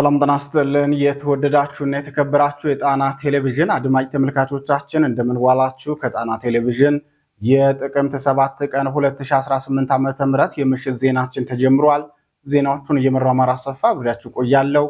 ሰላም ጤና ይስጥልን። የተወደዳችሁና የተከበራችሁ የጣና ቴሌቪዥን አድማጭ ተመልካቾቻችን እንደምንዋላችሁ። ከጣና ቴሌቪዥን የጥቅምት 7 ቀን 2018 ዓ.ም የምሽት ዜናችን ተጀምሯል። ዜናዎቹን እየመራው አማራ ሰፋ ብዳችሁ ቆያለው።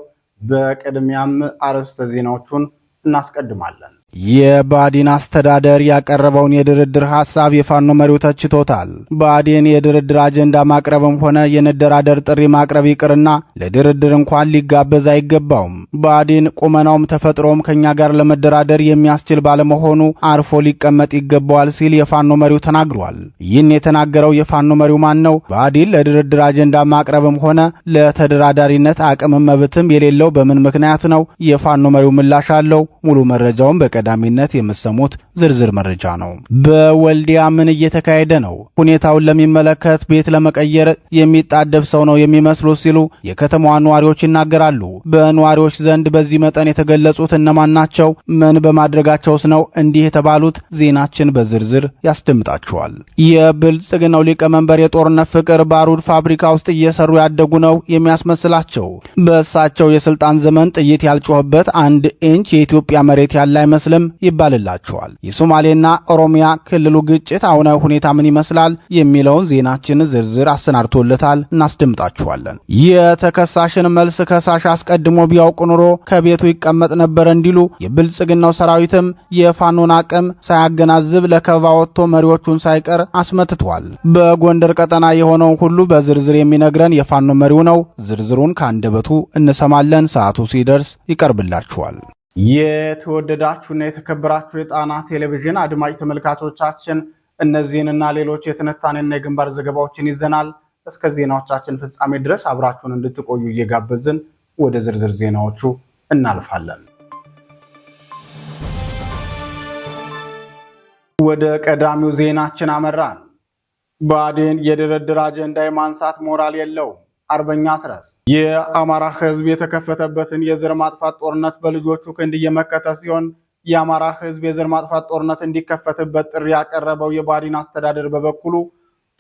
በቅድሚያም አርዕስተ ዜናዎቹን እናስቀድማለን። የባዲን አስተዳደር ያቀረበውን የድርድር ሐሳብ የፋኖ መሪው ተችቶታል። ባዲን የድርድር አጀንዳ ማቅረብም ሆነ የመደራደር ጥሪ ማቅረብ ይቅርና ለድርድር እንኳን ሊጋበዝ አይገባውም። ባዲን ቁመናውም ተፈጥሮም ከኛ ጋር ለመደራደር የሚያስችል ባለመሆኑ አርፎ ሊቀመጥ ይገባዋል ሲል የፋኖ መሪው ተናግሯል። ይህን የተናገረው የፋኖ መሪው ማን ነው? ባዲን ለድርድር አጀንዳ ማቅረብም ሆነ ለተደራዳሪነት አቅምም መብትም የሌለው በምን ምክንያት ነው? የፋኖ መሪው ምላሽ አለው። ሙሉ መረጃውን በቀ በቀዳሚነት የምሰሙት ዝርዝር መረጃ ነው። በወልዲያ ምን እየተካሄደ ነው? ሁኔታውን ለሚመለከት ቤት ለመቀየር የሚጣደፍ ሰው ነው የሚመስሉት ሲሉ የከተማዋ ነዋሪዎች ይናገራሉ። በነዋሪዎች ዘንድ በዚህ መጠን የተገለጹት እነማን ናቸው? ምን በማድረጋቸውስ ነው እንዲህ የተባሉት? ዜናችን በዝርዝር ያስደምጣቸዋል። የብልጽግናው ሊቀመንበር የጦርነት ፍቅር ባሩድ ፋብሪካ ውስጥ እየሰሩ ያደጉ ነው የሚያስመስላቸው። በእሳቸው የስልጣን ዘመን ጥይት ያልጮኸበት አንድ ኢንች የኢትዮጵያ መሬት ያለ አይመስል አይመስልም ይባልላቸዋል። የሶማሌና ኦሮሚያ ክልሉ ግጭት አሁናዊ ሁኔታ ምን ይመስላል የሚለውን ዜናችን ዝርዝር አሰናድቶለታል፣ እናስደምጣችኋለን። የተከሳሽን መልስ ከሳሽ አስቀድሞ ቢያውቅ ኑሮ ከቤቱ ይቀመጥ ነበር እንዲሉ የብልጽግናው ሰራዊትም የፋኖን አቅም ሳያገናዝብ ለከበባ ወጥቶ መሪዎቹን ሳይቀር አስመትቷል። በጎንደር ቀጠና የሆነውን ሁሉ በዝርዝር የሚነግረን የፋኖ መሪው ነው። ዝርዝሩን ከአንደበቱ እንሰማለን። ሰዓቱ ሲደርስ ይቀርብላችኋል። የተወደዳችሁና የተከበራችሁ የጣና ቴሌቪዥን አድማጭ ተመልካቾቻችን እነዚህንና ሌሎች የትንታኔና የግንባር ዘገባዎችን ይዘናል። እስከ ዜናዎቻችን ፍጻሜ ድረስ አብራችሁን እንድትቆዩ እየጋበዝን ወደ ዝርዝር ዜናዎቹ እናልፋለን። ወደ ቀዳሚው ዜናችን አመራን። ብአዴን የድርድር አጀንዳ የማንሳት ሞራል የለውም አርበኛ አስረስ የአማራ ህዝብ የተከፈተበትን የዘር ማጥፋት ጦርነት በልጆቹ ክንድ እየመከተ ሲሆን የአማራ ህዝብ የዘር ማጥፋት ጦርነት እንዲከፈትበት ጥሪ ያቀረበው የባዲን አስተዳደር በበኩሉ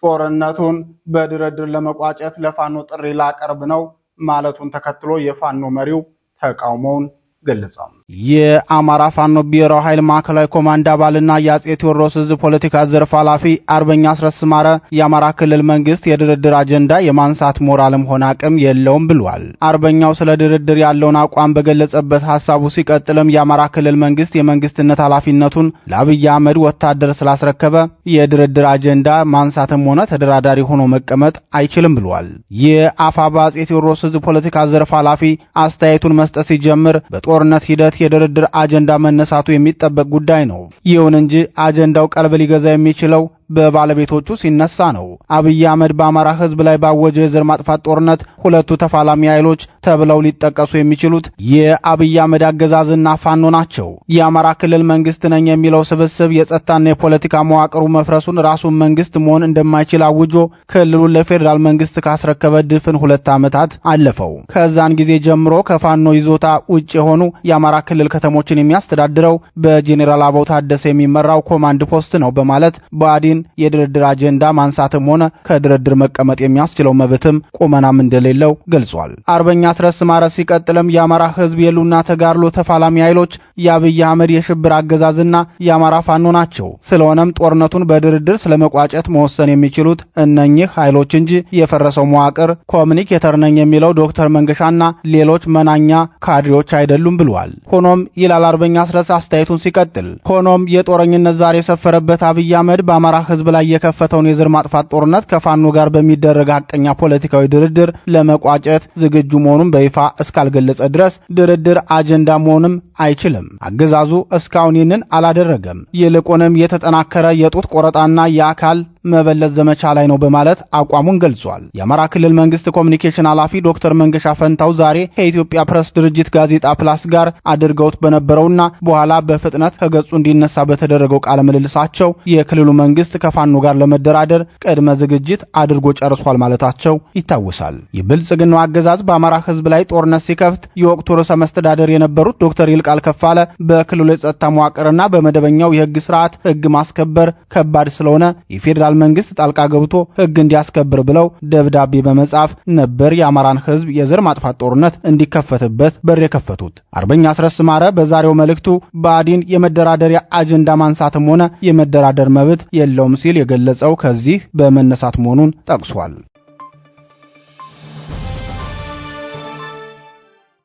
ጦርነቱን በድርድር ለመቋጨት ለፋኖ ጥሪ ላቀርብ ነው ማለቱን ተከትሎ የፋኖ መሪው ተቃውሞውን ገለጸም። የአማራ ፋኖ ብሔራዊ ኃይል ማዕከላዊ ኮማንድ አባልና የአጼ ቴዎድሮስ እዝ ፖለቲካ ዘርፍ ኃላፊ አርበኛ አስረስ ማረ የአማራ ክልል መንግስት የድርድር አጀንዳ የማንሳት ሞራልም ሆነ አቅም የለውም ብሏል። አርበኛው ስለ ድርድር ያለውን አቋም በገለጸበት ሀሳቡ ሲቀጥልም የአማራ ክልል መንግስት የመንግስትነት ኃላፊነቱን ለአብይ አህመድ ወታደር ስላስረከበ የድርድር አጀንዳ ማንሳትም ሆነ ተደራዳሪ ሆኖ መቀመጥ አይችልም ብሏል። የአፋባ አጼ ቴዎድሮስ እዝ ፖለቲካ ዘርፍ ኃላፊ አስተያየቱን መስጠት ሲጀምር በጦርነት ሂደት የድርድር አጀንዳ መነሳቱ የሚጠበቅ ጉዳይ ነው። ይሁን እንጂ አጀንዳው ቀልብ ሊገዛ የሚችለው በባለቤቶቹ ሲነሳ ነው። አብይ አህመድ በአማራ ህዝብ ላይ ባወጀ የዘር ማጥፋት ጦርነት ሁለቱ ተፋላሚ ኃይሎች ተብለው ሊጠቀሱ የሚችሉት የአብይ አህመድ አገዛዝና ፋኖ ናቸው። የአማራ ክልል መንግስት ነኝ የሚለው ስብስብ የጸጥታና የፖለቲካ መዋቅሩ መፍረሱን ራሱን መንግስት መሆን እንደማይችል አውጆ ክልሉን ለፌዴራል መንግስት ካስረከበ ድፍን ሁለት ዓመታት አለፈው። ከዛን ጊዜ ጀምሮ ከፋኖ ይዞታ ውጭ የሆኑ የአማራ ክልል ከተሞችን የሚያስተዳድረው በጄኔራል አበው ታደሰ የሚመራው ኮማንድ ፖስት ነው በማለት ብአዴን የድርድር አጀንዳ ማንሳትም ሆነ ከድርድር መቀመጥ የሚያስችለው መብትም ቁመናም እንደሌለው ገልጿል። አርበኛ አስረስ ማረ ሲቀጥልም የአማራ ህዝብ የሉና ተጋድሎ ተፋላሚ ኃይሎች የአብይ አህመድ የሽብር አገዛዝና የአማራ ፋኖ ናቸው። ስለሆነም ጦርነቱን በድርድር ስለመቋጨት መወሰን የሚችሉት እነኚህ ኃይሎች እንጂ የፈረሰው መዋቅር ኮሚኒኬተር ነኝ የሚለው ዶክተር መንገሻና ሌሎች መናኛ ካድሬዎች አይደሉም ብሏል። ሆኖም ይላል አርበኛ አስረስ አስተያየቱን ሲቀጥል፣ ሆኖም የጦረኝነት ዛሬ የሰፈረበት አብይ አህመድ በአማራ ህዝብ ላይ የከፈተውን የዘር ማጥፋት ጦርነት ከፋኖ ጋር በሚደረግ ሀቀኛ ፖለቲካዊ ድርድር ለመቋጨት ዝግጁ መሆኑን በይፋ እስካልገለጸ ድረስ ድርድር አጀንዳ መሆንም አይችልም። አገዛዙ እስካሁን ይህንን አላደረገም። ይልቁንም የተጠናከረ የጡት ቆረጣና የአካል መበለት ዘመቻ ላይ ነው በማለት አቋሙን ገልጿል። የአማራ ክልል መንግስት ኮሚኒኬሽን ኃላፊ ዶክተር መንገሻ ፈንታው ዛሬ ከኢትዮጵያ ፕሬስ ድርጅት ጋዜጣ ፕላስ ጋር አድርገውት በነበረውና በኋላ በፍጥነት ከገጹ እንዲነሳ በተደረገው ቃለ ምልልሳቸው የክልሉ መንግስት ከፋኖ ጋር ለመደራደር ቅድመ ዝግጅት አድርጎ ጨርሷል ማለታቸው ይታወሳል። የብልጽግናው አገዛዝ በአማራ ህዝብ ላይ ጦርነት ሲከፍት የወቅቱ ርዕሰ መስተዳደር የነበሩት ዶክተር ይልቃል ከፋለ ከተቻለ በክልሉ የጸጥታ መዋቅርና በመደበኛው የህግ ስርዓት ህግ ማስከበር ከባድ ስለሆነ የፌዴራል መንግስት ጣልቃ ገብቶ ህግ እንዲያስከብር ብለው ደብዳቤ በመጻፍ ነበር የአማራን ህዝብ የዘር ማጥፋት ጦርነት እንዲከፈትበት በር የከፈቱት። አርበኛ አስረስ ማረ በዛሬው መልእክቱ ብአዴን የመደራደሪያ አጀንዳ ማንሳትም ሆነ የመደራደር መብት የለውም ሲል የገለጸው ከዚህ በመነሳት መሆኑን ጠቅሷል።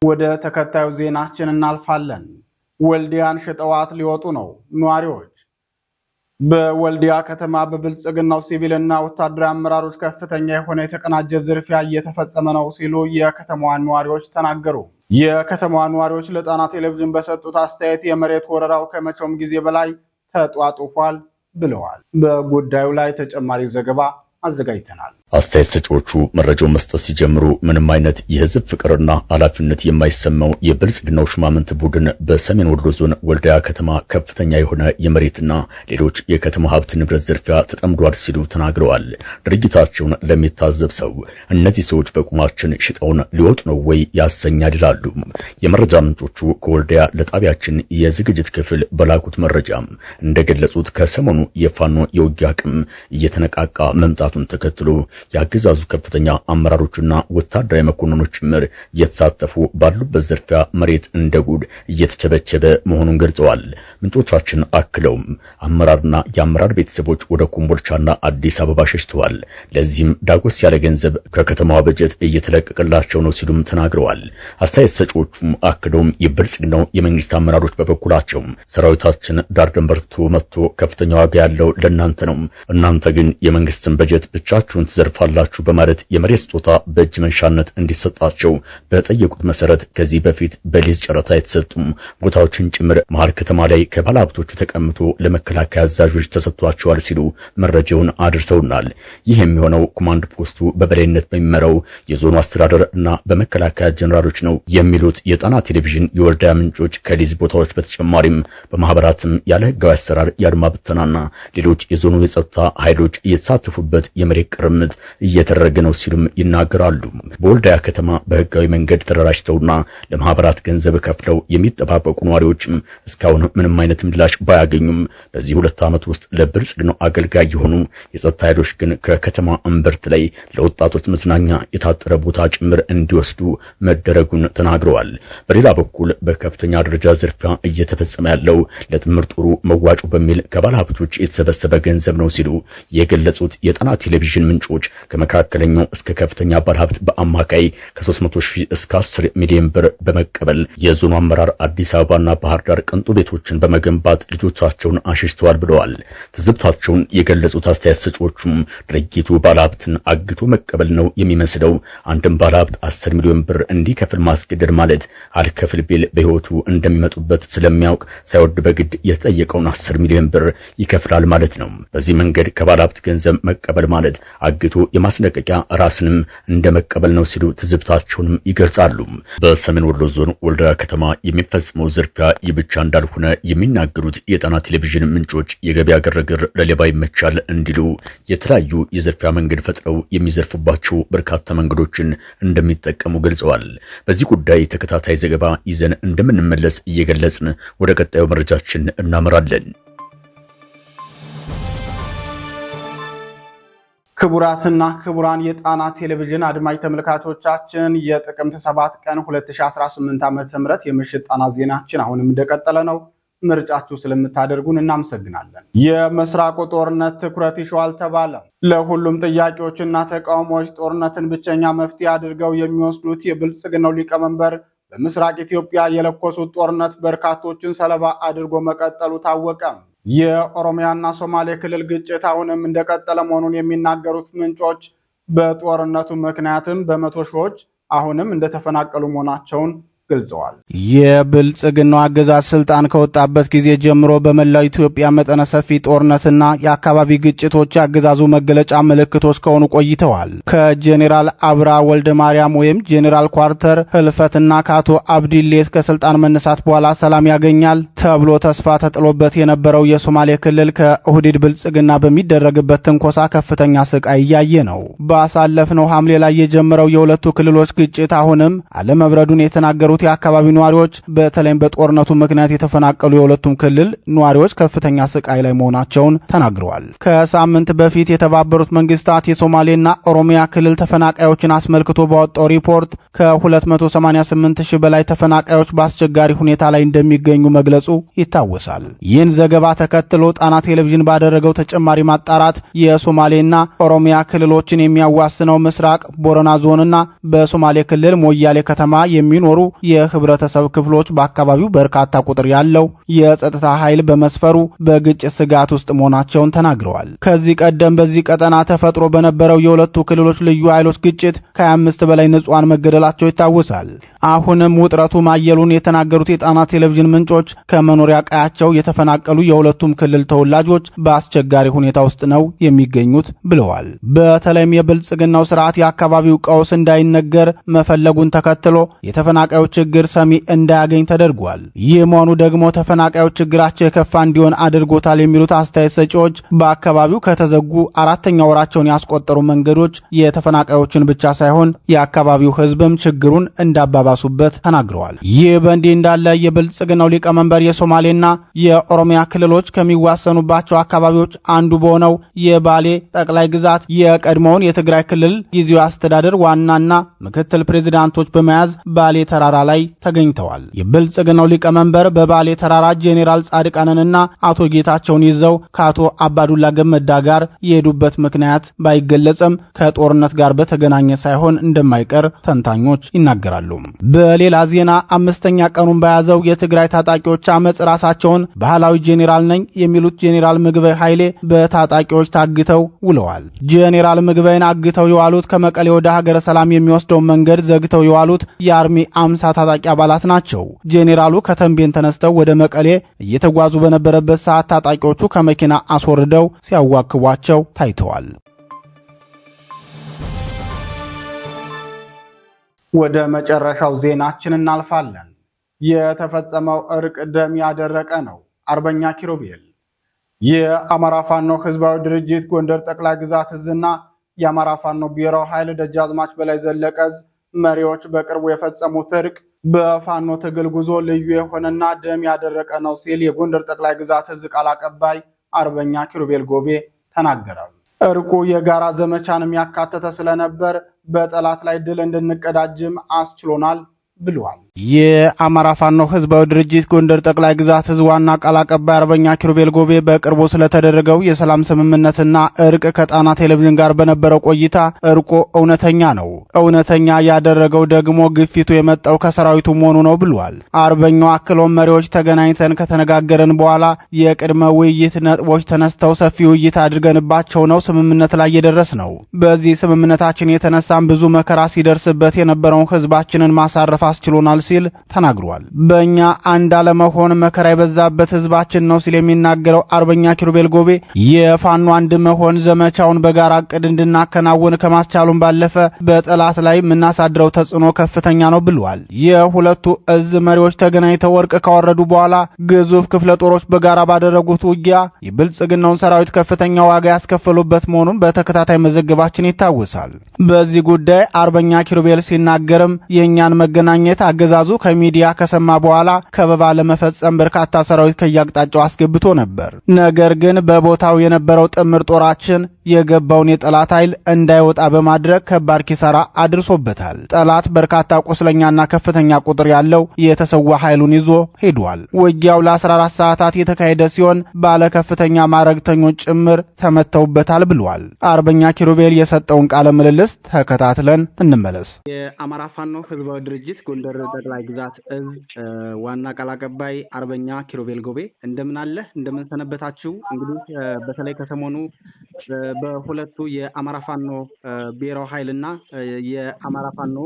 ወደ ተከታዩ ዜናችን እናልፋለን። ወልዲያን ሽጠዋት ሊወጡ ነው ነዋሪዎች። በወልዲያ ከተማ በብልጽግናው ሲቪልና ወታደራዊ አመራሮች ከፍተኛ የሆነ የተቀናጀ ዝርፊያ እየተፈጸመ ነው ሲሉ የከተማዋ ነዋሪዎች ተናገሩ። የከተማዋ ነዋሪዎች ለጣና ቴሌቪዥን በሰጡት አስተያየት የመሬት ወረራው ከመቼውም ጊዜ በላይ ተጧጡፏል ብለዋል። በጉዳዩ ላይ ተጨማሪ ዘገባ አዘጋጅተናል። አስተያየት ሰጪዎቹ መረጃው መስጠት ሲጀምሩ ምንም አይነት የህዝብ ፍቅርና ኃላፊነት የማይሰማው የብልጽግናው ሹማምንት ቡድን በሰሜን ወሎ ዞን ወልዳያ ከተማ ከፍተኛ የሆነ የመሬትና ሌሎች የከተማ ሀብት ንብረት ዝርፊያ ተጠምዷል ሲሉ ተናግረዋል። ድርጊታቸውን ለሚታዘብ ሰው እነዚህ ሰዎች በቁማችን ሽጠውን ሊወጡ ነው ወይ ያሰኛል ይላሉ። የመረጃ ምንጮቹ ከወልዳያ ለጣቢያችን የዝግጅት ክፍል በላኩት መረጃ እንደገለጹት ከሰሞኑ የፋኖ የውጊያ አቅም እየተነቃቃ መምጣቱን ተከትሎ የአገዛዙ ከፍተኛ አመራሮችና ወታደራዊ መኮንኖች ጭምር እየተሳተፉ ባሉበት ዝርፊያ መሬት እንደ ጉድ እየተቸበቸበ መሆኑን ገልጸዋል። ምንጮቻችን አክለውም አመራርና የአመራር ቤተሰቦች ወደ ኮምቦልቻና አዲስ አበባ ሸሽተዋል። ለዚህም ዳጎስ ያለ ገንዘብ ከከተማዋ በጀት እየተለቀቀላቸው ነው ሲሉም ተናግረዋል። አስተያየት ሰጪዎቹም አክለውም የብልጽግናው የመንግስት አመራሮች በበኩላቸው ሰራዊታችን ዳር ድንበር መጥቶ ከፍተኛ ዋጋ ያለው ለእናንተ ነው፣ እናንተ ግን የመንግስትን በጀት ብቻችሁን ትዘርፋላችሁ በማለት የመሬት ስጦታ በእጅ መንሻነት እንዲሰጣቸው በጠየቁት መሰረት ከዚህ በፊት በሊዝ ጨረታ የተሰጡም ቦታዎችን ጭምር መሀል ከተማ ላይ ከባለ ሀብቶቹ ተቀምጦ ለመከላከያ አዛዦች ተሰጥቷቸዋል ሲሉ መረጃውን አድርሰውናል። ይህ የሚሆነው ኮማንድ ፖስቱ በበላይነት በሚመራው የዞኑ አስተዳደር እና በመከላከያ ጀኔራሎች ነው የሚሉት የጣና ቴሌቪዥን የወረዳ ምንጮች ከሊዝ ቦታዎች በተጨማሪም በማህበራትም ያለ ህጋዊ አሰራር የአድማ ብተናና ሌሎች የዞኑ የጸጥታ ኃይሎች እየተሳተፉበት የመሬት ቅርምት እየተደረገ ነው ሲሉም ይናገራሉ። በወልዳያ ከተማ በህጋዊ መንገድ ተደራጅተውና ለማህበራት ገንዘብ ከፍለው የሚጠባበቁ ነዋሪዎችም እስካሁን ምንም አይነት ምላሽ ባያገኙም በዚህ ሁለት ዓመት ውስጥ ለብልጽግናው አገልጋይ የሆኑ የጸጥታ ኃይሎች ግን ከከተማ እምብርት ላይ ለወጣቶች መዝናኛ የታጠረ ቦታ ጭምር እንዲወስዱ መደረጉን ተናግረዋል። በሌላ በኩል በከፍተኛ ደረጃ ዝርፊያ እየተፈጸመ ያለው ለጥምር ጦሩ መዋጮ በሚል ከባለሀብቶች ሀብቶች የተሰበሰበ ገንዘብ ነው ሲሉ የገለጹት የጣና ቴሌቪዥን ምንጮች ባለሀብቶች ከመካከለኛው እስከ ከፍተኛ ባለሀብት በአማካይ ከ300 ሺህ እስከ 10 ሚሊዮን ብር በመቀበል የዞኑ አመራር አዲስ አበባና ባህር ዳር ቅንጡ ቤቶችን በመገንባት ልጆቻቸውን አሸሽተዋል ብለዋል። ትዝብታቸውን የገለጹት አስተያየት ሰጪዎቹም ድርጊቱ ባለሀብትን አግቶ መቀበል ነው የሚመስለው። አንድም ባለሀብት 10 ሚሊዮን ብር እንዲከፍል ማስገደድ ማለት አልከፍል ቢል በህይወቱ እንደሚመጡበት ስለሚያውቅ ሳይወድ በግድ የተጠየቀውን 10 ሚሊዮን ብር ይከፍላል ማለት ነው። በዚህ መንገድ ከባለሀብት ገንዘብ መቀበል ማለት አግቶ የማስለቀቂያ ራስንም እንደመቀበል ነው ሲሉ ትዝብታቸውንም ይገልጻሉ። በሰሜን ወሎ ዞን ወልዳ ከተማ የሚፈጽመው ዝርፊያ የብቻ እንዳልሆነ የሚናገሩት የጣና ቴሌቪዥን ምንጮች የገበያ ግርግር ለሌባ ይመቻል እንዲሉ የተለያዩ የዝርፊያ መንገድ ፈጥረው የሚዘርፉባቸው በርካታ መንገዶችን እንደሚጠቀሙ ገልጸዋል። በዚህ ጉዳይ ተከታታይ ዘገባ ይዘን እንደምንመለስ እየገለጽን ወደ ቀጣዩ መረጃችን እናመራለን። ክቡራትና ክቡራን የጣና ቴሌቪዥን አድማጅ ተመልካቾቻችን የጥቅምት ሰባት ቀን 2018 ዓ.ም የምሽት ጣና ዜናችን አሁንም እንደቀጠለ ነው። ምርጫችሁ ስለምታደርጉን እናመሰግናለን። የምስራቁ ጦርነት ትኩረት ይሸዋል ተባለ። ለሁሉም ጥያቄዎችና ተቃውሞዎች ጦርነትን ብቸኛ መፍትሄ አድርገው የሚወስዱት የብልጽግናው ሊቀመንበር በምስራቅ ኢትዮጵያ የለኮሱት ጦርነት በርካቶችን ሰለባ አድርጎ መቀጠሉ ታወቀ። የኦሮሚያና ሶማሌ ክልል ግጭት አሁንም እንደቀጠለ መሆኑን የሚናገሩት ምንጮች በጦርነቱ ምክንያትም በመቶ ሺዎች አሁንም እንደተፈናቀሉ መሆናቸውን ገልጸዋል። የብልጽግናው አገዛዝ ስልጣን ከወጣበት ጊዜ ጀምሮ በመላው ኢትዮጵያ መጠነ ሰፊ ጦርነትና የአካባቢ ግጭቶች የአገዛዙ መገለጫ ምልክቶች ከሆኑ ቆይተዋል። ከጄኔራል አብራ ወልደ ማርያም ወይም ጄኔራል ኳርተር ህልፈትና ከአቶ አብዲሌ ከስልጣን መነሳት በኋላ ሰላም ያገኛል ተብሎ ተስፋ ተጥሎበት የነበረው የሶማሌ ክልል ከኦህዴድ ብልጽግና በሚደረግበት ትንኮሳ ከፍተኛ ስቃይ እያየ ነው። ባሳለፍነው ሐምሌ ላይ የጀመረው የሁለቱ ክልሎች ግጭት አሁንም አለመብረዱን የተናገሩ የነበሩት የአካባቢው ነዋሪዎች በተለይም በጦርነቱ ምክንያት የተፈናቀሉ የሁለቱም ክልል ነዋሪዎች ከፍተኛ ስቃይ ላይ መሆናቸውን ተናግረዋል። ከሳምንት በፊት የተባበሩት መንግስታት የሶማሌና ኦሮሚያ ክልል ተፈናቃዮችን አስመልክቶ ባወጣው ሪፖርት ከ288 ሺህ በላይ ተፈናቃዮች በአስቸጋሪ ሁኔታ ላይ እንደሚገኙ መግለጹ ይታወሳል። ይህን ዘገባ ተከትሎ ጣና ቴሌቪዥን ባደረገው ተጨማሪ ማጣራት የሶማሌና ኦሮሚያ ክልሎችን የሚያዋስነው ምስራቅ ቦረና ዞንና በሶማሌ ክልል ሞያሌ ከተማ የሚኖሩ የህብረተሰብ ክፍሎች በአካባቢው በርካታ ቁጥር ያለው የጸጥታ ኃይል በመስፈሩ በግጭት ስጋት ውስጥ መሆናቸውን ተናግረዋል። ከዚህ ቀደም በዚህ ቀጠና ተፈጥሮ በነበረው የሁለቱ ክልሎች ልዩ ኃይሎች ግጭት ከ ከ25 በላይ ንጹሃን መገደላቸው ይታወሳል። አሁንም ውጥረቱ ማየሉን የተናገሩት የጣና ቴሌቪዥን ምንጮች ከመኖሪያ ቀያቸው የተፈናቀሉ የሁለቱም ክልል ተወላጆች በአስቸጋሪ ሁኔታ ውስጥ ነው የሚገኙት ብለዋል። በተለይም የብልጽግናው ስርዓት የአካባቢው ቀውስ እንዳይነገር መፈለጉን ተከትሎ የተፈናቃዮች ችግር ሰሚ እንዳያገኝ ተደርጓል። ይህ መሆኑ ደግሞ ተፈናቃዮች ችግራቸው የከፋ እንዲሆን አድርጎታል የሚሉት አስተያየት ሰጪዎች በአካባቢው ከተዘጉ አራተኛ ወራቸውን ያስቆጠሩ መንገዶች የተፈናቃዮችን ብቻ ሳይሆን የአካባቢው ሕዝብም ችግሩን እንዳባባሱበት ተናግረዋል። ይህ በእንዲህ እንዳለ የብልጽግናው ሊቀመንበር የሶማሌና የኦሮሚያ ክልሎች ከሚዋሰኑባቸው አካባቢዎች አንዱ በሆነው የባሌ ጠቅላይ ግዛት የቀድሞውን የትግራይ ክልል ጊዜያዊ አስተዳደር ዋናና ምክትል ፕሬዚዳንቶች በመያዝ ባሌ ተራራ ላይ ተገኝተዋል። የብልጽግናው ሊቀመንበር በባሌ ተራራ ጄኔራል ጻድቃንንና አቶ ጌታቸውን ይዘው ከአቶ አባዱላ ገመዳ ጋር የሄዱበት ምክንያት ባይገለጽም ከጦርነት ጋር በተገናኘ ሳይሆን እንደማይቀር ተንታኞች ይናገራሉ። በሌላ ዜና አምስተኛ ቀኑን በያዘው የትግራይ ታጣቂዎች አመጽ ራሳቸውን ባህላዊ ጄኔራል ነኝ የሚሉት ጄኔራል ምግበይ ኃይሌ በታጣቂዎች ታግተው ውለዋል። ጄኔራል ምግበይን አግተው የዋሉት ከመቀሌ ወደ ሀገረ ሰላም የሚወስደውን መንገድ ዘግተው የዋሉት የአርሚ አምሳ ታጣቂ አባላት ናቸው። ጄኔራሉ ከተንቤን ተነስተው ወደ መቀሌ እየተጓዙ በነበረበት ሰዓት ታጣቂዎቹ ከመኪና አስወርደው ሲያዋክቧቸው ታይተዋል። ወደ መጨረሻው ዜናችን እናልፋለን። የተፈጸመው እርቅ ደም ያደረቀ ነው። አርበኛ ኪሩቤል የአማራ ፋኖ ህዝባዊ ድርጅት ጎንደር ጠቅላይ ግዛት እዝና የአማራ ፋኖ ብሔራዊ ኃይል ደጃዝማች በላይ ዘለቀ እዝ መሪዎች በቅርቡ የፈጸሙት እርቅ በፋኖ ትግል ጉዞ ልዩ የሆነና ደም ያደረቀ ነው ሲል የጎንደር ጠቅላይ ግዛት እዝ ቃል አቀባይ አርበኛ ኪሩቤል ጎቤ ተናገረ። እርቁ የጋራ ዘመቻንም ያካተተ ስለነበር በጠላት ላይ ድል እንድንቀዳጅም አስችሎናል ብለዋል። የአማራ ፋኖ ህዝባዊ ድርጅት ጎንደር ጠቅላይ ግዛት ህዝብ ዋና ቃል አቀባይ አርበኛ ኪሩቤል ጎቤ በቅርቡ ስለተደረገው የሰላም ስምምነትና እርቅ ከጣና ቴሌቪዥን ጋር በነበረው ቆይታ እርቁ እውነተኛ ነው፣ እውነተኛ ያደረገው ደግሞ ግፊቱ የመጣው ከሰራዊቱ መሆኑ ነው ብሏል። አርበኛው አክሎም መሪዎች ተገናኝተን ከተነጋገረን በኋላ የቅድመ ውይይት ነጥቦች ተነስተው ሰፊ ውይይት አድርገንባቸው ነው ስምምነት ላይ የደረስ ነው። በዚህ ስምምነታችን የተነሳም ብዙ መከራ ሲደርስበት የነበረውን ህዝባችንን ማሳረፍ አስችሎናል ሲል ተናግሯል። በእኛ አንድ አለመሆን መከራ የበዛበት ህዝባችን ነው ሲል የሚናገረው አርበኛ ኪሩቤል ጎቤ የፋኖ አንድ መሆን ዘመቻውን በጋራ እቅድ እንድናከናውን ከማስቻሉን ባለፈ በጠላት ላይ የምናሳድረው ተጽዕኖ ከፍተኛ ነው ብለዋል። የሁለቱ እዝ መሪዎች ተገናኝተው ወርቅ ካወረዱ በኋላ ግዙፍ ክፍለ ጦሮች በጋራ ባደረጉት ውጊያ የብልጽግናውን ሰራዊት ከፍተኛ ዋጋ ያስከፈሉበት መሆኑን በተከታታይ መዘገባችን ይታወሳል። በዚህ ጉዳይ አርበኛ ኪሩቤል ሲናገርም የእኛን መገናኘት አገዛ አገዛዙ ከሚዲያ ከሰማ በኋላ ከበባ ለመፈጸም በርካታ ሰራዊት ከያቅጣጫው አስገብቶ ነበር። ነገር ግን በቦታው የነበረው ጥምር ጦራችን የገባውን የጠላት ኃይል እንዳይወጣ በማድረግ ከባድ ኪሳራ አድርሶበታል። ጠላት በርካታ ቁስለኛና ከፍተኛ ቁጥር ያለው የተሰዋ ኃይሉን ይዞ ሄዷል። ውጊያው ለ14 ሰዓታት የተካሄደ ሲሆን ባለ ከፍተኛ ማረግተኞች ጭምር ተመተውበታል ብሏል። አርበኛ ኪሩቤል የሰጠውን ቃለ ምልልስ ተከታትለን እንመለስ። የአማራ ፋኖ ህዝባዊ ድርጅት ጎንደር ጠቅላይ ግዛት እዝ ዋና ቃል አቀባይ አርበኛ ኪሮቤል ጎቤ እንደምን አለ? እንደምን ሰነበታችሁ? እንግዲህ በተለይ ከሰሞኑ በሁለቱ የአማራ ፋኖ ብሔራዊ ኃይል እና የአማራ ፋኖ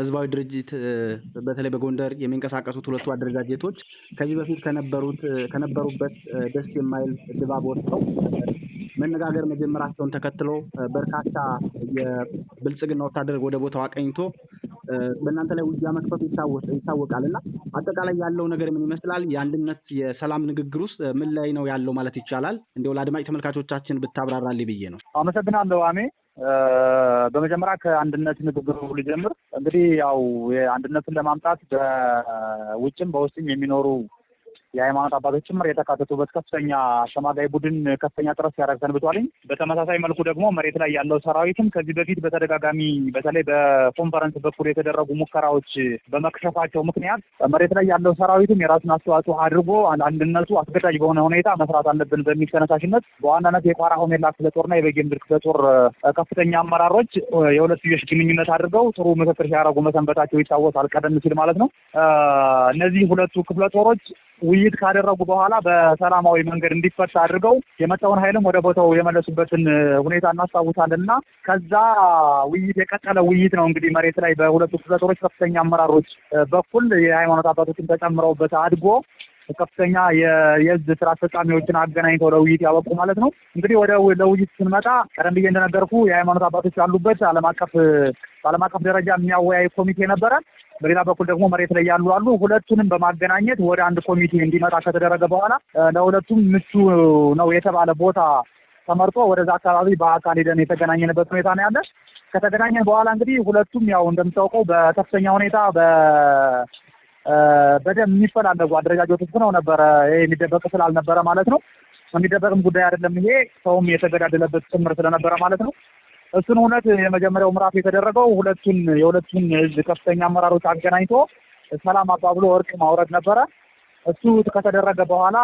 ህዝባዊ ድርጅት በተለይ በጎንደር የሚንቀሳቀሱት ሁለቱ አደረጃጀቶች ከዚህ በፊት ከነበሩበት ደስ የማይል ድባብ ወጥተው መነጋገር መጀመራቸውን ተከትሎ በርካታ የብልጽግና ወታደር ወደ ቦታው አቀኝቶ በእናንተ ላይ ውጊያ መክፈቱ ይታወቃል። እና አጠቃላይ ያለው ነገር ምን ይመስላል? የአንድነት የሰላም ንግግር ውስጥ ምን ላይ ነው ያለው ማለት ይቻላል? እንዲሁ ለአድማጭ ተመልካቾቻችን ብታብራራልኝ ብዬ ነው። አመሰግናለሁ አሜ። በመጀመሪያ ከአንድነት ንግግሩ ልጀምር። እንግዲህ ያው አንድነቱን ለማምጣት በውጭም በውስጥም የሚኖሩ የሃይማኖት አባቶች ጭምር የተካተቱበት ከፍተኛ አሸማጋይ ቡድን ከፍተኛ ጥረት ሲያደርግ ሰንብቷልኝ። በተመሳሳይ መልኩ ደግሞ መሬት ላይ ያለው ሰራዊትም ከዚህ በፊት በተደጋጋሚ በተለይ በኮንፈረንስ በኩል የተደረጉ ሙከራዎች በመክሸፋቸው ምክንያት መሬት ላይ ያለው ሰራዊትም የራሱን አስተዋጽኦ አድርጎ አንድነቱ አስገዳጅ በሆነ ሁኔታ መስራት አለብን በሚል ተነሳሽነት በዋናነት የቋራ ሆሜላ ክፍለ ጦርና የበጌምድር ክፍለ ጦር ከፍተኛ አመራሮች የሁለትዮሽ ግንኙነት አድርገው ጥሩ ምክክር ሲያደርጉ መሰንበታቸው ይታወሳል። ቀደም ሲል ማለት ነው። እነዚህ ሁለቱ ክፍለ ጦሮች ውይ ውይይት ካደረጉ በኋላ በሰላማዊ መንገድ እንዲፈታ አድርገው የመጣውን ኃይልም ወደ ቦታው የመለሱበትን ሁኔታ እናስታውሳለን እና ከዛ ውይይት የቀጠለ ውይይት ነው እንግዲህ መሬት ላይ በሁለቱ ክፍለ ጦሮች ከፍተኛ አመራሮች በኩል የሃይማኖት አባቶችን ተጨምረውበት አድጎ ከፍተኛ የእዝ ስራ አስፈጻሚዎችን አገናኝተው ለውይይት ያበቁ ማለት ነው። እንግዲህ ወደ ለውይይት ስንመጣ ቀደም ብዬ እንደነገርኩ የሃይማኖት አባቶች ያሉበት ዓለም አቀፍ በዓለም አቀፍ ደረጃ የሚያወያይ ኮሚቴ ነበረ። በሌላ በኩል ደግሞ መሬት ላይ ያሉ አሉ። ሁለቱንም በማገናኘት ወደ አንድ ኮሚቴ እንዲመጣ ከተደረገ በኋላ ለሁለቱም ምቹ ነው የተባለ ቦታ ተመርጦ ወደዛ አካባቢ በአካል ሄደን የተገናኘንበት ሁኔታ ነው ያለን። ከተገናኘን በኋላ እንግዲህ ሁለቱም ያው እንደምታውቀው በከፍተኛ ሁኔታ በደም የሚፈላለጉ አደረጃጀቶች ሆነው ነበረ። ይሄ የሚደበቅ ስላልነበረ ማለት ነው። የሚደበቅም ጉዳይ አይደለም። ይሄ ሰውም የተገዳደለበት ጭምር ስለነበረ ማለት ነው። እሱን እውነት የመጀመሪያው ምዕራፍ የተደረገው ሁለቱን የሁለቱን ህዝብ ከፍተኛ አመራሮች አገናኝቶ ሰላም አባብሎ እርቅ ማውረድ ነበረ። እሱ ከተደረገ በኋላ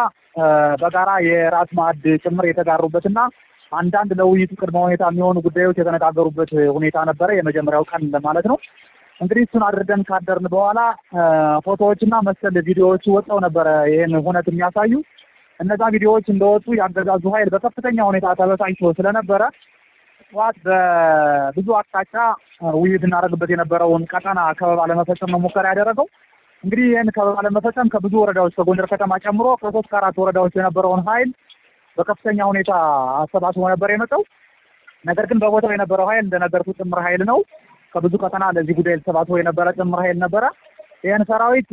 በጋራ የራስ ማዕድ ጭምር የተጋሩበትና አንዳንድ ለውይይቱ ቅድመ ሁኔታ የሚሆኑ ጉዳዮች የተነጋገሩበት ሁኔታ ነበረ። የመጀመሪያው ቀን ማለት ነው። እንግዲህ እሱን አድርገን ካደርን በኋላ ፎቶዎችና መሰል ቪዲዮዎች ወጥተው ነበረ ይህን ሁነት የሚያሳዩ እነዛ ቪዲዮዎች እንደወጡ የአገዛዙ ኃይል በከፍተኛ ሁኔታ ተበሳጭቶ ስለነበረ ጠዋት በብዙ አቅጣጫ ውይይት እናደርግበት የነበረውን ቀጠና ከበባ ለመፈጸም ነው ሙከራ ያደረገው። እንግዲህ ይህን ከበባ ለመፈጸም ከብዙ ወረዳዎች ከጎንደር ከተማ ጨምሮ ከሶስት ከአራት ወረዳዎች የነበረውን ኃይል በከፍተኛ ሁኔታ አሰባስቦ ነበር የመጣው። ነገር ግን በቦታው የነበረው ኃይል እንደነገርኩት ጥምር ኃይል ነው። ከብዙ ቀጠና ለዚህ ጉዳይ ተሰባስቦ የነበረ ጥምር ኃይል ነበረ። ይህን ሰራዊት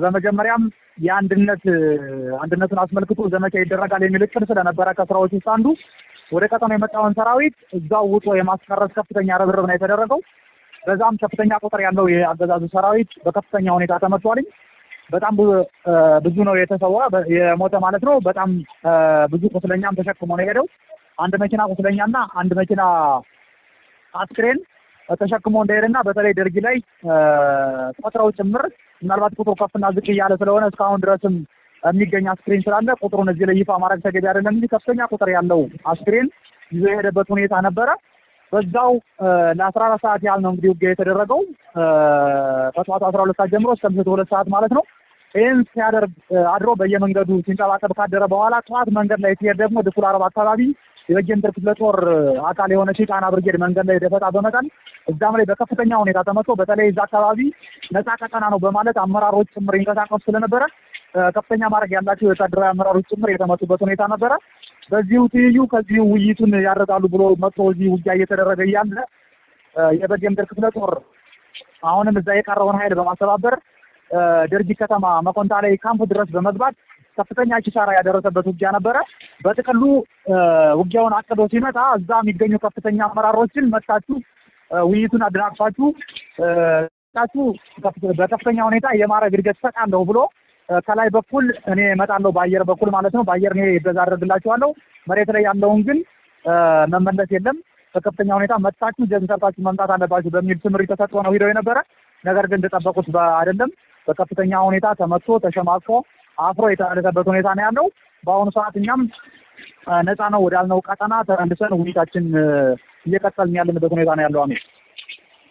በመጀመሪያም የአንድነት አንድነቱን አስመልክቶ ዘመቻ ይደረጋል የሚል እቅድ ስለነበረ ከስራዎች ውስጥ አንዱ ወደ ቀጠና የመጣውን ሰራዊት እዛው ውጦ የማስቀረት ከፍተኛ ርብርብ ነው የተደረገው። በዛም ከፍተኛ ቁጥር ያለው የአገዛዙ ሰራዊት በከፍተኛ ሁኔታ ተመቷልኝ። በጣም ብዙ ነው የተሰዋ የሞተ ማለት ነው። በጣም ብዙ ቁስለኛም ተሸክሞ ነው የሄደው። አንድ መኪና ቁስለኛና አንድ መኪና አስክሬን ተሸክሞ እንደሄደና በተለይ ደርጊ ላይ ቆጥረው ጭምር ምናልባት ቁጥሩ ከፍና ዝቅ እያለ ስለሆነ እስካሁን ድረስም የሚገኝ አስክሬን ስላለ ቁጥሩን እዚህ ላይ ይፋ ማድረግ ተገቢ አይደለም እንጂ ከፍተኛ ቁጥር ያለው አስክሬን ይዞ የሄደበት ሁኔታ ነበረ። በዛው ለአስራ አራት ሰዓት ያህል ነው እንግዲህ ውጊያ የተደረገው ከጠዋቱ አስራ ሁለት ሰዓት ጀምሮ እስከ ምሽቱ ሁለት ሰዓት ማለት ነው። ይህን ሲያደርግ አድሮ በየመንገዱ ሲንጠባጠብ ካደረ በኋላ ጠዋት መንገድ ላይ ሲሄድ ደግሞ ድፉል አረብ አካባቢ የበጌምድር ክፍለ ጦር አካል የሆነ ሽጣና ብርጌድ መንገድ ላይ ደፈጣ በመጣል እዛም ላይ በከፍተኛ ሁኔታ ተመቶ በተለይ እዛ አካባቢ ነፃ ቀጠና ነው በማለት አመራሮች ጭምር ይንቀሳቀሱ ስለነበረ ከፍተኛ ማድረግ ያላቸው የወታደራዊ አመራሮች ጭምር የተመቱበት ሁኔታ ነበረ። በዚሁ ትይዩ ከዚሁ ውይይቱን ያደርጋሉ ብሎ መጥቶ እዚህ ውጊያ እየተደረገ እያለ የበጌምድር ክፍለ ጦር አሁንም እዛ የቀረውን ኃይል በማስተባበር ደርጊ ከተማ መኮንታ ላይ ካምፕ ድረስ በመግባት ከፍተኛ ኪሳራ ያደረሰበት ውጊያ ነበረ። በጥቅሉ ውጊያውን አቅዶ ሲመጣ እዛ የሚገኙ ከፍተኛ አመራሮችን መታችሁ፣ ውይይቱን አደናቅፋችሁ በከፍተኛ ሁኔታ የማድረግ እድገት ፈቃ ነው ብሎ ከላይ በኩል እኔ እመጣለሁ፣ በአየር በኩል ማለት ነው። በአየር እኔ እገዛ አደርግላችኋለሁ። መሬት ላይ ያለውን ግን መመለስ የለም በከፍተኛ ሁኔታ መጥታችሁ ጀዝ ሰርታችሁ መምጣት አለባችሁ በሚል ትምህርት ተሰጥቶ ነው ሂደው የነበረ። ነገር ግን እንደጠበቁት አይደለም። በከፍተኛ ሁኔታ ተመቶ ተሸማቆ አፍሮ የተመለሰበት ሁኔታ ነው ያለው። በአሁኑ ሰዓት እኛም ነፃ ነው ወዳልነው ቀጠና ተመልሰን ሁኔታችን እየቀጠልን ያለንበት ሁኔታ ነው ያለው አሜን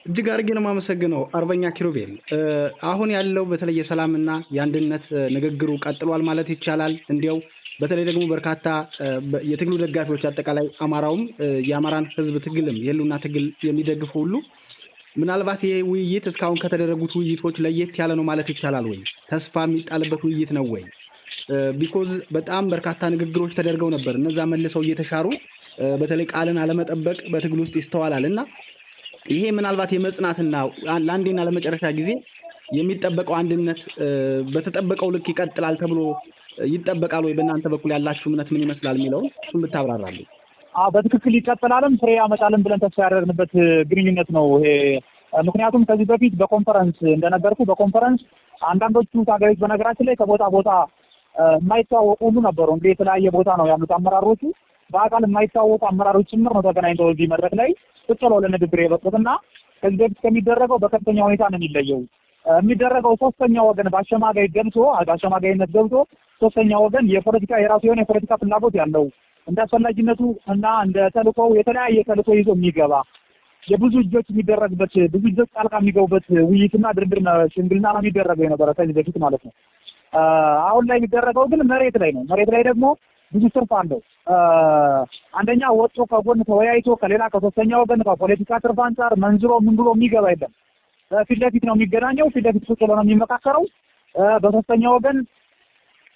እጅግ አድርጌ ነው የማመሰግነው አርበኛ ኪሩቤል። አሁን ያለው በተለይ የሰላምና የአንድነት ንግግሩ ቀጥሏል ማለት ይቻላል። እንዲያው በተለይ ደግሞ በርካታ የትግሉ ደጋፊዎች አጠቃላይ አማራውም የአማራን ህዝብ ትግልም የህልውና ትግል የሚደግፉ ሁሉ ምናልባት ይሄ ውይይት እስካሁን ከተደረጉት ውይይቶች ለየት ያለ ነው ማለት ይቻላል ወይ? ተስፋ የሚጣልበት ውይይት ነው ወይ? ቢኮዝ በጣም በርካታ ንግግሮች ተደርገው ነበር። እነዛ መልሰው እየተሻሩ በተለይ ቃልን አለመጠበቅ በትግል ውስጥ ይስተዋላል እና ይሄ ምናልባት የመጽናትና ለአንዴና ለመጨረሻ ጊዜ የሚጠበቀው አንድነት በተጠበቀው ልክ ይቀጥላል ተብሎ ይጠበቃል ወይ? በእናንተ በኩል ያላችሁ እምነት ምን ይመስላል የሚለውን እሱም ብታብራራሉ። በትክክል ይቀጥላልም ፍሬ ያመጣልም ብለን ተስፋ ያደረግንበት ግንኙነት ነው ይሄ። ምክንያቱም ከዚህ በፊት በኮንፈረንስ እንደነገርኩ በኮንፈረንስ አንዳንዶቹ ሀገሮች በነገራችን ላይ ከቦታ ቦታ የማይተዋወቁ ሁሉ ነበሩ። እንግዲህ የተለያየ ቦታ ነው ያሉት አመራሮቹ። በአካል የማይታወቁ አመራሮች ጭምር ነው ተገናኝተው እዚህ መድረክ ላይ ቁጭ ለንግግር የበቁት እና ከዚህ በፊት ከሚደረገው በከፍተኛ ሁኔታ ነው የሚለየው። የሚደረገው ሶስተኛ ወገን በአሸማጋይ ገብቶ በአሸማጋይነት ገብቶ ሶስተኛ ወገን የፖለቲካ የራሱ የሆነ የፖለቲካ ፍላጎት ያለው እንደ አስፈላጊነቱ እና እንደ ተልእኮው የተለያየ ተልኮ ይዞ የሚገባ የብዙ እጆች የሚደረግበት ብዙ እጆች ጣልቃ የሚገቡበት ውይይትና ድርድር ሽምግልና ነው የሚደረገው የነበረ ከዚህ በፊት ማለት ነው። አሁን ላይ የሚደረገው ግን መሬት ላይ ነው። መሬት ላይ ደግሞ ብዙ ትርፍ አለው። አንደኛ ወጦ ከጎን ተወያይቶ ከሌላ ከሶስተኛ ወገን ከፖለቲካ ትርፍ አንጻር መንዝሮ ምን ብሎ የሚገባ የለም። ፊት ለፊት ነው የሚገናኘው። ፊት ለፊት ቁጭ ብሎ ነው የሚመካከረው። በሶስተኛ ወገን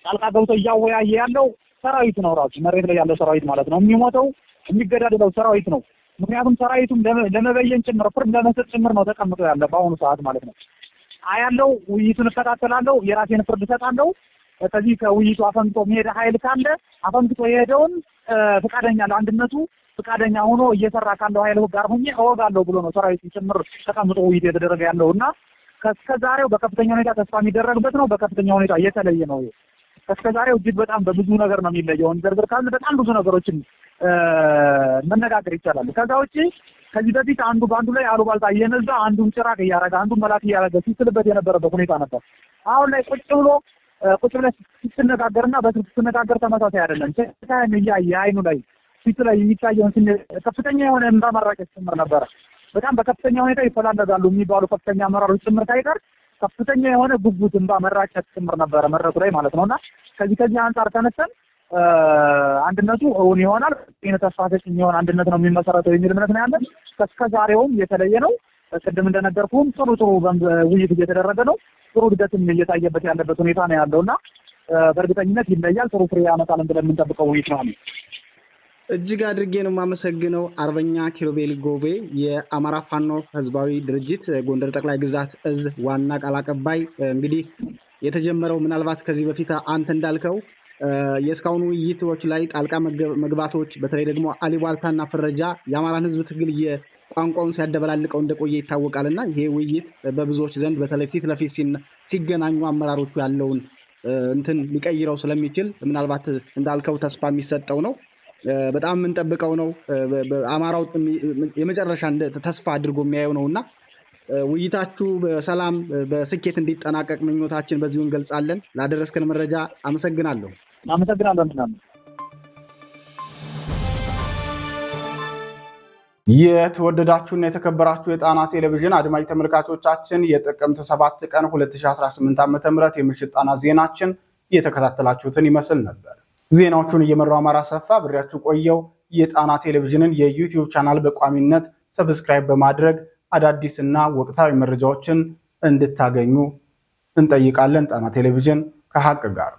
ጣልቃ ገብቶ እያወያየ ያለው ሰራዊት ነው ራሱ መሬት ላይ ያለው ሰራዊት ማለት ነው። የሚሞተው የሚገዳደለው ሰራዊት ነው። ምክንያቱም ሰራዊቱም ለመበየን ጭምር ፍርድ ለመስጠት ጭምር ነው ተቀምጦ ያለ በአሁኑ ሰዓት ማለት ነው። አያለው፣ ውይይቱን እከታተላለሁ፣ የራሴን ፍርድ እሰጣለሁ። ከዚህ ከውይይቱ አፈንግጦ መሄድ ኃይል ካለ አፈንግጦ የሄደውን ፈቃደኛ ለአንድነቱ ፈቃደኛ ሆኖ እየሰራ ካለው ኃይል ጋር ሆኜ እወጋለሁ ብሎ ነው ሰራዊት ጭምር ተቀምጦ ውይይት የተደረገ ያለው እና ከስከዛሬው በከፍተኛ ሁኔታ ተስፋ የሚደረግበት ነው። በከፍተኛ ሁኔታ የተለየ ነው። ከስከዛሬው እጅግ በጣም በብዙ ነገር ነው የሚለየው። ዘርዝር ካለ በጣም ብዙ ነገሮችን መነጋገር ይቻላል። ከዛ ከዚህ በፊት አንዱ በአንዱ ላይ አሉባልታ እየነዛ አንዱን ጭራቅ እያረገ አንዱን መላት እያረገ ሲስልበት የነበረበት ሁኔታ ነበር። አሁን ላይ ቁጭ ብሎ ቁጭ ብለ ስትነጋገርና በስልክ ስትነጋገር ተመሳሳይ አይደለም። ታይም እያየ አይኑ ላይ ፊቱ ላይ የሚታየውን ከፍተኛ የሆነ እንባ መራጨት ጭምር ነበረ። በጣም በከፍተኛ ሁኔታ ይፈላለጋሉ የሚባሉ ከፍተኛ አመራሮች ጭምር ሳይቀር ከፍተኛ የሆነ ጉጉት እንባ መራጨት ጭምር ነበረ መድረኩ ላይ ማለት ነው እና ከዚህ ከዚህ አንጻር ተነስተን አንድነቱ እውን ይሆናል። ነት ተስፋፊ የሚሆን አንድነት ነው የሚመሰረተው የሚል እምነት ነው ያለን። እስከ ዛሬውም የተለየ ነው። ቅድም እንደነገርኩም ጥሩ ጥሩ ውይይት እየተደረገ ነው። ጥሩ እድገትም እየታየበት ያለበት ሁኔታ ነው ያለው እና በእርግጠኝነት ይለያል። ጥሩ ፍሬ ያመጣል ብለን የምንጠብቀው ውይይት ነው። እጅግ አድርጌ ነው የማመሰግነው። አርበኛ ኪሩቤል ጎቤ የአማራ ፋኖ ህዝባዊ ድርጅት ጎንደር ጠቅላይ ግዛት እዝ ዋና ቃል አቀባይ። እንግዲህ የተጀመረው ምናልባት ከዚህ በፊት አንተ እንዳልከው የእስካሁኑ ውይይቶች ላይ ጣልቃ መግባቶች በተለይ ደግሞ አሉባልታና ፍረጃ የአማራን ህዝብ ትግል ቋንቋውን ሲያደበላልቀው እንደቆየ ይታወቃል እና ይሄ ውይይት በብዙዎች ዘንድ በተለይ ፊት ለፊት ሲገናኙ አመራሮቹ ያለውን እንትን ሊቀይረው ስለሚችል ምናልባት እንዳልከው ተስፋ የሚሰጠው ነው። በጣም የምንጠብቀው ነው። አማራው የመጨረሻ ተስፋ አድርጎ የሚያየው ነው እና ውይይታችሁ በሰላም በስኬት እንዲጠናቀቅ ምኞታችን በዚሁ እንገልጻለን። ላደረስከን መረጃ አመሰግናለሁ። እናመሰግናለን። ምናምን የተወደዳችሁና የተከበራችሁ የጣና ቴሌቪዥን አድማጭ ተመልካቾቻችን የጥቅምት 7 ቀን 2018 ዓ.ም የምሽት ጣና ዜናችን እየተከታተላችሁትን ይመስል ነበር። ዜናዎቹን እየመራው አማራ ሰፋ ብሬያችሁ ቆየው። የጣና ቴሌቪዥንን የዩቲዩብ ቻናል በቋሚነት ሰብስክራይብ በማድረግ አዳዲስ እና ወቅታዊ መረጃዎችን እንድታገኙ እንጠይቃለን። ጣና ቴሌቪዥን ከሀቅ ጋር